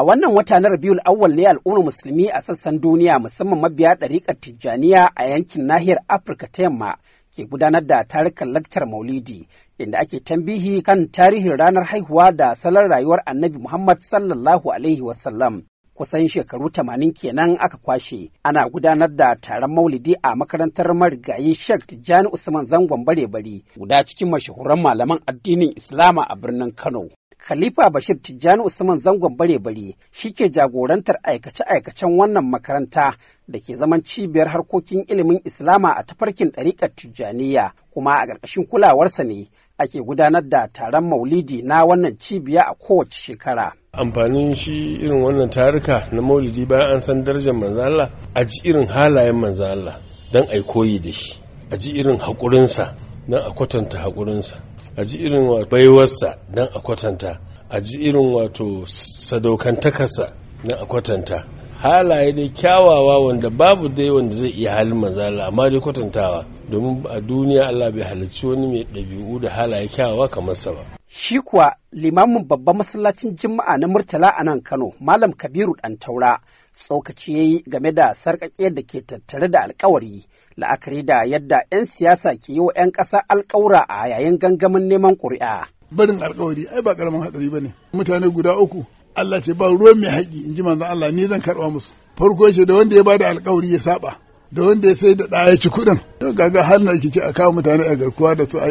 A wannan wata na Rabiul Awwal ne al'ummar musulmi a sassan duniya musamman mabiya ɗariƙar Tijjaniya a yankin nahiyar Afirka ta yamma ke gudanar da tarukan laktar Maulidi inda ake tambihi kan tarihin ranar haihuwa da salon rayuwar Annabi Muhammad sallallahu alaihi wasallam. kusan shekaru tamanin kenan aka kwashe ana gudanar da taron maulidi a makarantar marigayi Sheikh Tijjani Usman Zangon Bare-bari guda cikin mashahuran malaman addinin Islama a birnin Kano. Khalifa Bashir Tijjani Usman zangon bare-bare shi ke jagorantar aikace-aikacen wannan makaranta da ke zaman cibiyar harkokin ilimin Islama a tafarkin ɗariƙar Tijjaniya kuma a ƙarƙashin kulawarsa ne ake gudanar da taron maulidi na wannan cibiya a kowace shekara. amfanin shi irin wannan taruka na maulidi bayan an san darajar manzo Allah a ji irin halayen manzo Allah don yi koyi da shi a ji irin haƙurinsa don a kwatanta haƙurinsa a ji irin baiwarsa don a kwatanta a ji irin wato sadaukantakarsa don a kwatanta halaye dai kyawawa wanda babu dai wanda zai iya halin manzala amma dai kwatantawa domin a duniya Allah bai halarci wani mai ɗabi'u da halaye kyawawa kamar sa ba. Shi kuwa limamin babban masallacin Juma'a na Murtala a nan Kano, Malam Kabiru Dan taura, tsokaci ya game da sarkake da ke tattare da alkawari, la'akari da yadda 'yan siyasa ke yi wa 'yan ƙasa alƙawura a yayin gangamin neman ƙuri'a. Barin alkawari ai ba karamin haɗari ba ne. Mutane guda uku Allah ce ba ruwan mai haƙi in ji manzan Allah ni zan karɓa musu farko ce da wanda ya bada alƙawari ya saɓa da wanda ya sai da ɗaya ya ci kuɗin to gaga har na ce a kawo mutane a garkuwa da su a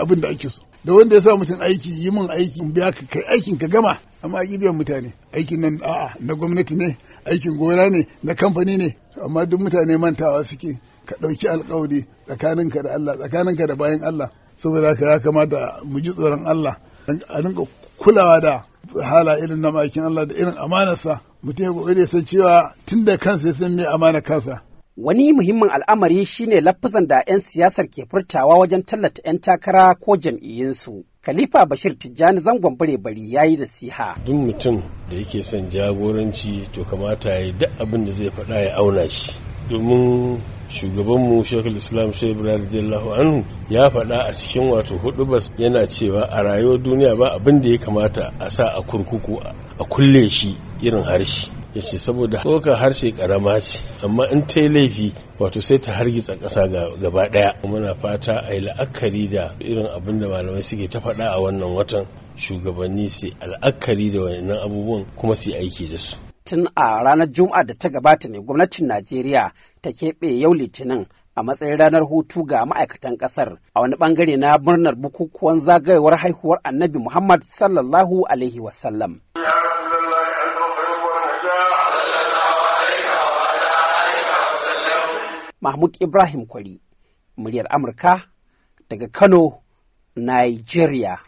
abin da ake so da wanda ya sa mutum aiki yi min aiki in biya ka kai aikin ka gama amma a biyan mutane aikin nan a'a na gwamnati ne aikin gona ne na kamfani ne amma duk mutane mantawa suke ka ɗauki alƙawari tsakaninka da Allah tsakaninka da bayan Allah saboda haka ya kamata mu ji tsoron Allah a rinka kulawa da hala irin na makin Allah da irin amanarsa mutum ya kokari ya cewa tun da kansa ya san me amana kansa. Wani muhimmin al'amari shine lafazan da 'yan siyasar ke furtawa wajen tallata 'yan takara ko jam'iyyinsu. Khalifa Bashir Tijjani zangon bare bari ya yi nasiha. Duk mutum da yake son jagoranci to kamata ya yi duk abin da zai faɗa ya auna shi. domin shugabanmu shekul islam shai radiyallahu anhu ya faɗa a cikin wato hudu bas yana cewa a rayuwar duniya ba abin da ya kamata a sa a kurkuku a kulle shi irin harshe ya ce saboda tsoka harshe karama ce amma in ta yi laifi wato sai ta hargitsa ƙasa gaba ɗaya muna fata a yi la'akari da irin abin da malamai suke ta faɗa a wannan watan shugabanni su al'akari da wannan abubuwan kuma su yi aiki da su tun a ranar Juma'a da ta gabata ne gwamnatin Najeriya ta keɓe yau Litinin a matsayin ranar hutu ga ma'aikatan ƙasar a wani ɓangare na murnar bukukuwan zagayowar haihuwar annabi Muhammad sallallahu Alaihi wasallam. Mahmud Ibrahim Kwari, muryar Amurka daga Kano, Nigeria.